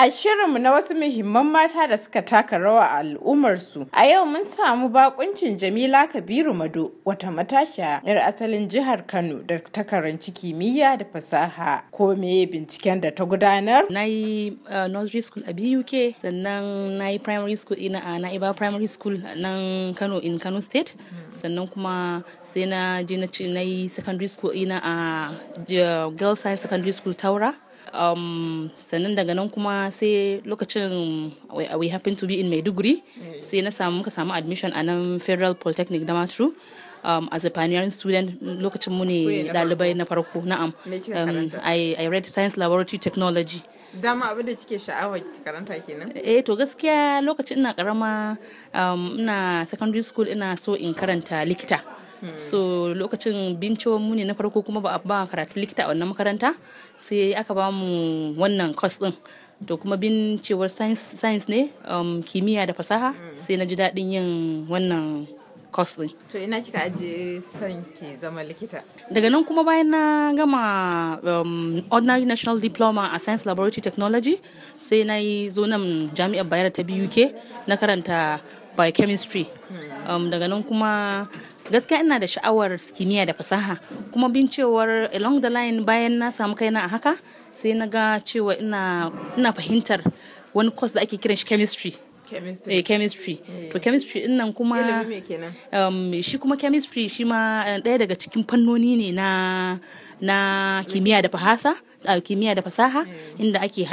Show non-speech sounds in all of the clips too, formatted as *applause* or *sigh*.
A shirinmu na wasu muhimman mata da suka taka rawa a al'ummarsu, a yau mun samu bakuncin Jamila Kabiru Mado, wata matashiya 'yar asalin jihar Kano da ta karanci kimiyya da fasaha ko meye binciken da ta gudanar. Na yi eh, nursery school a BUK, sannan na yi primary school ina a ah, Na'iba primary school nan Kano in Kano state, sannan kuma sai na je na yi secondary school ina a ah, Girls Science Secondary School Taura. um, sannan daga nan kuma sai lokacin we happen to be in maiduguri sai na samu muka samu admission a nan federal polytechnic da matru um, as a pioneering student lokacin mu ne dalibai na farko na'am um, I, I read science laboratory technology dama abin da kike sha'awar karanta kenan eh to gaskiya lokacin ina karama um, ina secondary school ina so in karanta likita so lokacin binciwon mu ne na farko kuma ba a ba karatu likita a wannan makaranta sai aka ba mu wannan kwas din to kuma bincewar science, ne um, kimiyya da fasaha sai na ji daɗin yin wannan kwas din to ina kika aje son ki zama likita daga nan kuma bayan na gama um, ordinary national diploma a science laboratory technology sai na yi zo nan jami'ar bayar ta biyu ke na karanta biochemistry hmm. um, daga nan kuma gaskiya ina da sha'awar kimiyya da fasaha kuma bin cewar along the line bayan na samu kaina a haka sai na ga cewa ina fahimtar wani course da ake kiran shi chemistry chemistry, eh, chemistry. Yeah. to chemistry din nan kuma um, shi kuma chemistry shi ma eh, ɗaya daga cikin fannoni ne na na kimiyya da fahasa kimiyya da fasaha eh. inda ake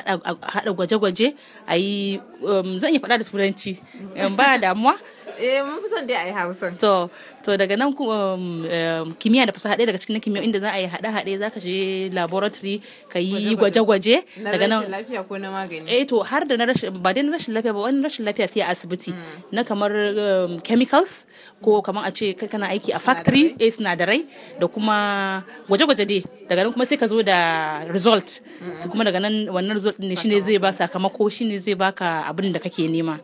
hada gwaje-gwaje a yi um, zan iya faɗa da turanci eh, ba damuwa eh mun fi son dai a yi hausa to to daga nan um, um, kimiyya da fasaha ɗaya daga cikin kimiyya inda za a yi haɗe haɗe za ka je laboratory ka yi gwaje-gwaje daga nan lafiya ko na magani eh to har da na rashin ba dai na rashin lafiya ba wani rashin lafiya sai a asibiti hmm. na kamar um, chemicals ko kamar a ce kana aiki a factory eh sinadarai da kuma gwaje-gwaje dai daga nan kuma sai ka zo da result hmm. kuma daga nan wannan result ne shine zai ba sakamako shine zai baka abin da kake nema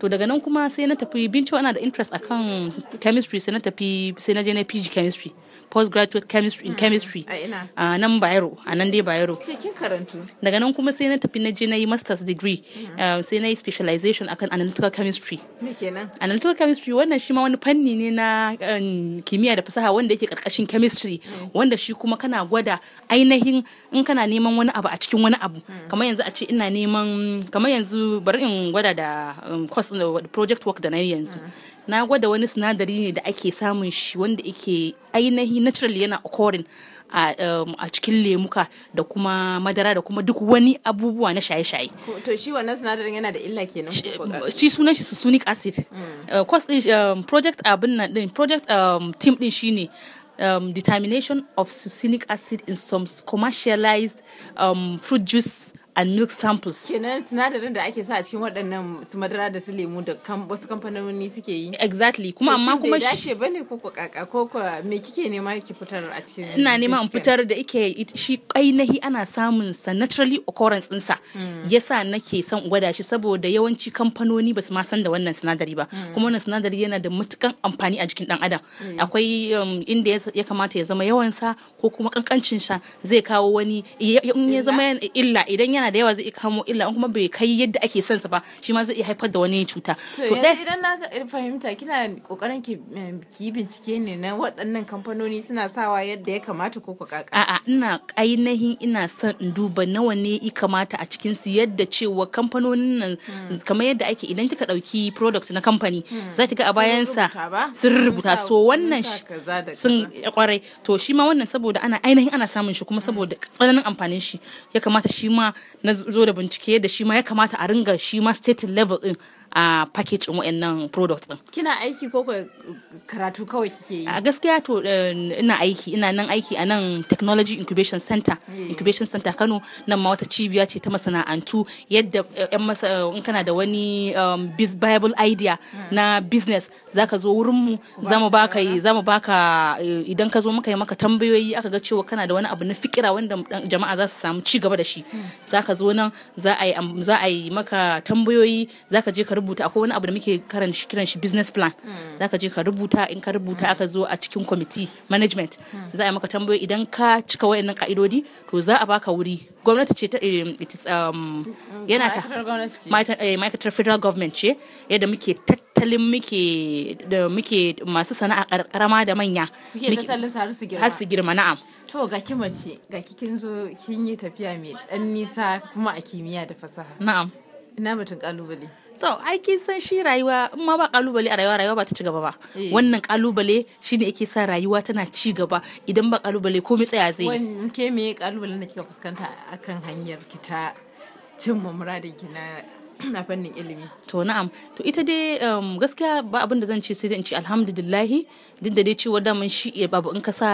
to daga nan kuma sai na tafi bincin ana da interest akan chemistry sai na tafi sai na je na PG chemistry postgraduate chemistry in ah, chemistry a nan bayero a nan dai bayero daga nan kuma sai na tafi na je na yi masters degree mm-hmm. ah, sai na yi specialization akan analytical chemistry analytical chemistry wannan shi ma wani fanni ne na um, kimiyya da fasaha wanda yake karkashin chemistry mm. wanda shi kuma kana gwada ainihin in kana neman wani abu a cikin wani abu mm. kamar yanzu a ce ina neman kamar yanzu bari in gwada da um, course um, project work da na yanzu mm. na gwada wani sinadari ne da ake samun shi wanda ake ainihi naturally yana occurring a, um, a cikin lemuka da kuma madara da kuma duk wani abubuwa na shaye-shaye. To shi wannan sinadarin yana da illa kenan? Shi sunan shi succinic acid. Hmm. Uh, Cost din um, project abin nan din project um, team din shine um, determination of succinic acid in some commercialized um, fruit juice a milk samples kenan sinadarin da ake sa a cikin waɗannan su madara da su lemu da wasu kamfanoni suke yi exactly kuma amma kuma shi bane ko ko kaka ko ko me kike nema ki fitar a cikin ina nema in fitar da ike shi hi ana samun sa naturally occurrence ɗinsa. Hmm. yasa nake son gwada shi saboda yawanci kamfanoni basu su ma san da wannan sinadari ba hmm. kuma wannan sinadari yana da matukan amfani a jikin dan adam hmm. akwai um, inda ya kamata ya zama yawansa ko kuma kankancin sa zai kawo wani in ya zama illa idan yana yana da yawa zai kamo illa in kuma bai kai yadda ake son sa ba shi ma zai iya haifar da wani cuta to eh. idan na fahimta kina kokarin ki ki bincike ne na waɗannan kamfanoni suna sawa yadda ya kamata ko kaka a'a ina ainihin ina son in duba nawa ne ya kamata a cikin su yadda cewa kamfanonin nan hmm. kamar yadda ake idan kika dauki product na kamfani hmm. za ki ga a bayan sa sun rubuta so wannan sun kwarai to shi ma wannan saboda ana ainihin ana samun shi kuma hmm. saboda tsananin amfanin shi ya kamata shi ma na zo da bincike da shi ma ya kamata a ringa shi ma state level din a package in wa'annan products din kina aiki ko karatu kawai kike yi a gaskiya to eh, ina aiki ina nan aiki a nan technology incubation center incubation center Kano nan ma wata cibiya ce ta masana'antu yadda yan eh, masa eh, in kana da wani um, viable idea hmm. na business zaka zo wurin mu zamu baka zamu baka idan ka zo muka yi maka tambayoyi aka ga cewa kana da wani abu na fikira wanda jama'a za su samu ci gaba da shi hmm. zaka zo nan za a yi maka tambayoyi zaka je ka rubuta rubuta akwai wani abu da muke karan shi kiran shi business plan hmm. za ka je ka rubuta in ka rubuta hmm. aka zo a cikin committee management za a yi maka tambayoyi idan ka cika wayannan ka'idodi to za a baka wuri gwamnati ce ta eh, um, hmm. yana ta eh, ma'aikatar federal government ce yadda muke tattalin muke da muke masu sana'a karama da manya muke tattalin har su girma na'am to ga kimace ga kikin zo kin yi tafiya mai dan nisa kuma a kimiyya da fasaha na'am ina mutum kalubale to aikin san shi rayuwa in ma ba kalubale a rayuwa rayuwa ba ta ci gaba ba eh. wannan kalubale shi ne yake sa rayuwa tana ci gaba idan ba kalubale komai tsaya zai ke me kalubale da kika fuskanta akan hanyar ki ta cimma muradin ki na na *clears throat* fannin ilimi to na'am to ita dai um, gaskiya ba abin da zan ce sai zan ce alhamdulillahi duk da dai cewa da mun shi eh, abu in ka sa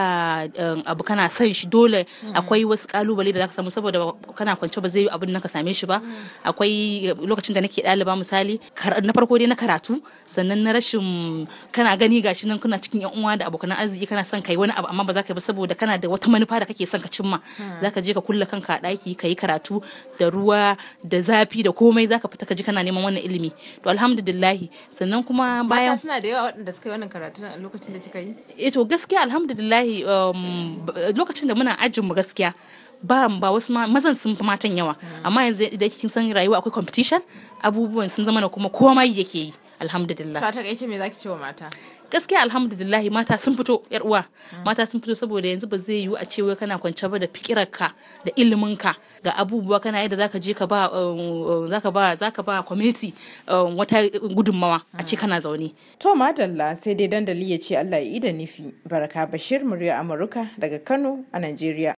um, abu kana san shi dole mm. akwai wasu kalubale da zaka samu saboda kana kwance ba zai abin da ka same shi ba mm. akwai eh, lokacin da nake ɗaliba misali na farko dai na karatu sannan na rashin kana gani gashi nan kuna cikin yan uwa da abokan arziki kana son kai wani abu amma ba za ka yi ba saboda kana da wata manufa da kake son ka cimma mm. za ka je ka kulle kanka a ɗaki ka yi karatu da ruwa da zafi da komai za ka fita ka ji kana neman wannan ilimi to alhamdulillahi sannan kuma bayan suna da yawa waɗanda suka yi wannan karatu a lokacin da suka yi eh to gaskiya alhamdulillahi um, lokacin da muna ajin mu gaskiya ba ba wasu mazan sun fi matan yawa amma yanzu idan kin san rayuwa akwai competition abubuwan sun zama na kuma komai yake yi alhamdulillah to a ce me zaki ce wa mata gaskiya alhamdulillah mata sun fito yar uwa mata sun fito saboda yanzu ba zai yiwu a ce wai kana kwance ba da fikirarka da iliminka ga abubuwa kana yadda zaka je ka ba um, um, zaka ba zaka ba committee um, wata gudunmawa a ce kana zaune to madalla sai dai dandali ya ce Allah ya yi da nufi baraka bashir murya amurka daga Kano a Najeriya